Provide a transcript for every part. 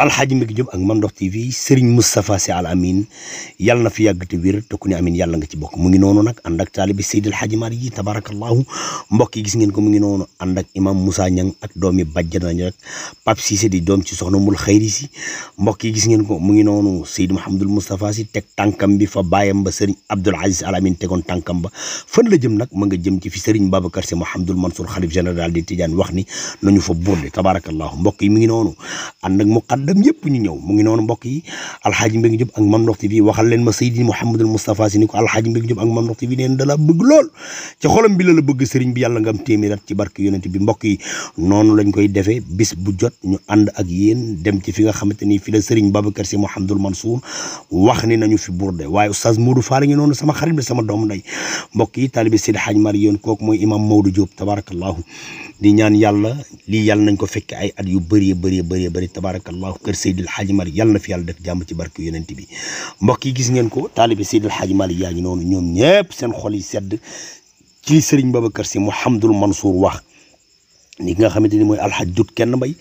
alxaaji Mbacke Diop ak Mame Ndokh TV Serigne Moustapha Sy Al Amine yàlla na fi yàgg te wér te ku ne Amine yàlla nga ci bokk mu ngi noonu nag ànd ak taalibi Seydi Alxaaji Maalik ji tabarakallahu mbokk i gis ngeen ko mu ngi noonu ànd ak imam Moussa Niang ak doomi bàjjan nañu rek Pape Cissé di doom ci soxna mul xayri si mbokk yi gis ngeen ko mu ngi noonu Seydi Mouhamadul Moustapha Sy teg ba ba fan la jëm nag ma nga jëm ci fi Serigne Babacar Sy Mouhamadul wax ni nañu fa burde tabarakallahu mbokk yi mu ngi noonu dem yëpp ñu ñëw ngi noonu mbokk yi alxaaji Mbengue Diop ak Mame Ndokh TV waxal leen ma Seydi Mouhamadul Moustapha Sy ni ko alxaaji Mbengue Diop ak Mame Ndokh TV neen da la bi la la bëgg sëriñ bi yàlla nga am téeméer at ci barke yonent bi mbokk noonu lañ koy defee bis bu jot ñu ànd ak yéen dem ci fi nga xamante ni fi la sëriñ Babacar Sy Mouhamadul Mansour wax ni nañu fi burde waaye oustaz Modou Fall ngi noonu sama xarit bi sama doom nday mbokk yi taalibi Seydi Hadj Mar yoon kooku mooy imam Maodo Diop tabarakallahu di ñaan yàlla lii yàlla nañ ko fekke ay at yu bëri bëri bëri bëri tabarakallahu kër Seydil Hadji Malick yàlla na fi yàlla def jàmm ci barke yonent bi mbokk yi gis ngeen ko taalibe Seydil Hadji Malick yaa ngi noonu ñoom ñëpp seen xol yi sedd ci Serigne Babacar Sy Mouhamadul Mansour wax ni ki nga xamante ni mooy alxaj dut kenn mbay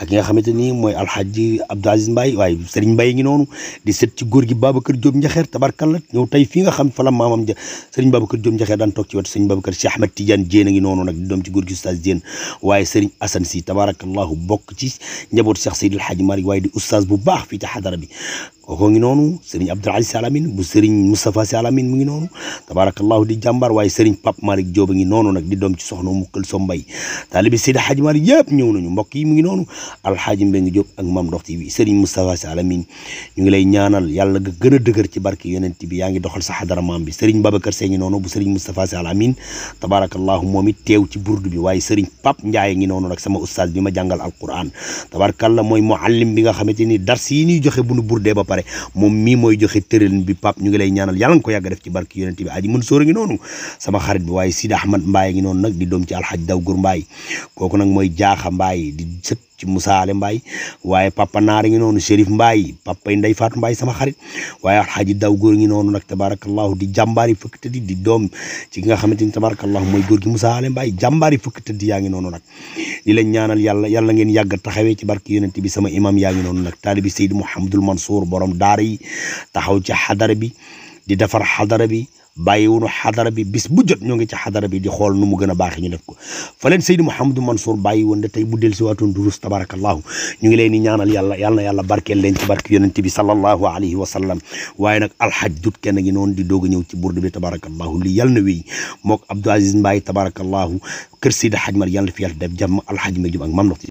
ak ki nga xamante ni mooy alxaj Abdou Aziz mbay waaye Serigne mbay ngi noonu di set ci góor gi Babacar Diop Njaxeer tabarkalla ñëw tey fii nga xam fa la maamam ja Serigne Babacar Diop Njaxeer daan toog ci wetu Serigne Babacar Cheikh Ahmed Tidiane Diène a ngi noonu nag di doom ci góor gi oustaz Diène waaye Serigne Assane Sy tabarakallahu bokk ci njaboot Cheikh Seydil Hadji Malick waaye di oustaz bu baax fii ci xadara bi kookoo ngi noonu Serigne Abdoul Aziz Sy bu Serigne Moustapha Sy Al mu ngi noonu tabarakallahu di jàmbaar waaye Serigne Pape Malick Diop a ngi noonu nag di doom ci soxna mu kël so yi mu ngi noonu Alhaaji Mbengue Diop ak Mame Ndokh TV Serigne Moustapha Sy Al Amine ñu ngi lay ñaanal a dëgër ci barke sa xadara maam bi Serigne Babacar Sy ngi noonu bu Serigne Moustapha Sy Al sama oustaz bi ma jàngal alquran tabarakallah mooy muallim bi nga xamante ni dars joxe bu nu burdee ba pare pare moom mii mooy joxe tëralin bi pap ñu ngi lay ñaanal yàlla nga ko yàgg def ci barki yonente bi aji mën sóor a noonu sama xarit bi waaye Sidi Ahmad Mbaye noonu nag di doom ci daw gur Mbaye kooku nag mooy jaaxa Mbaye di sët ci musa Ale Mbaye waaye papa Naar ngi noonu Chérif Mbaye papa Ndeye Fatou Mbaye sama xarit waaye Alxaaji Daw góor ngi noonu nag tabarakallahu di jàmbaari fëkk di doom ci ki nga xamante ni tabarakallahu mooy góor gi Moussa Ale Mbaye jàmbaari fëkk tëddi yaa ngi noonu nag di leen ñaanal yàlla yàlla ngeen yàgg taxawee ci barke yonent bi sama imam yaa ngi noonu nag taalibi Seydi Mouhamadul Mansour borom daara yi taxaw ci xadara bi di defar xadara bi bàyyiwunu xadara bi bis bu jot ñoo ngi ci xadara bi di xool nu mu gën a baaxee ñu def ko fa leen Seydi Mouhamadou Mansour bàyyi woon de tey bu del siwaatoon durus tabarakallahu ñu ngi leen di ñaanal yàlla yàlla yàlla barkeel leen ci barke yonente bi sallallahu alayhi wa sallam waaye nag alxaj dut kenn ngi noonu di dog a ñëw ci burdu bi tabarakallahu lii yàlla na wéy mook Abdou Aziz Mbaye tabarakallahu kër Seydi Hadj Mar yàlla fi yàlla def jàmm alxaj ma jub ak mam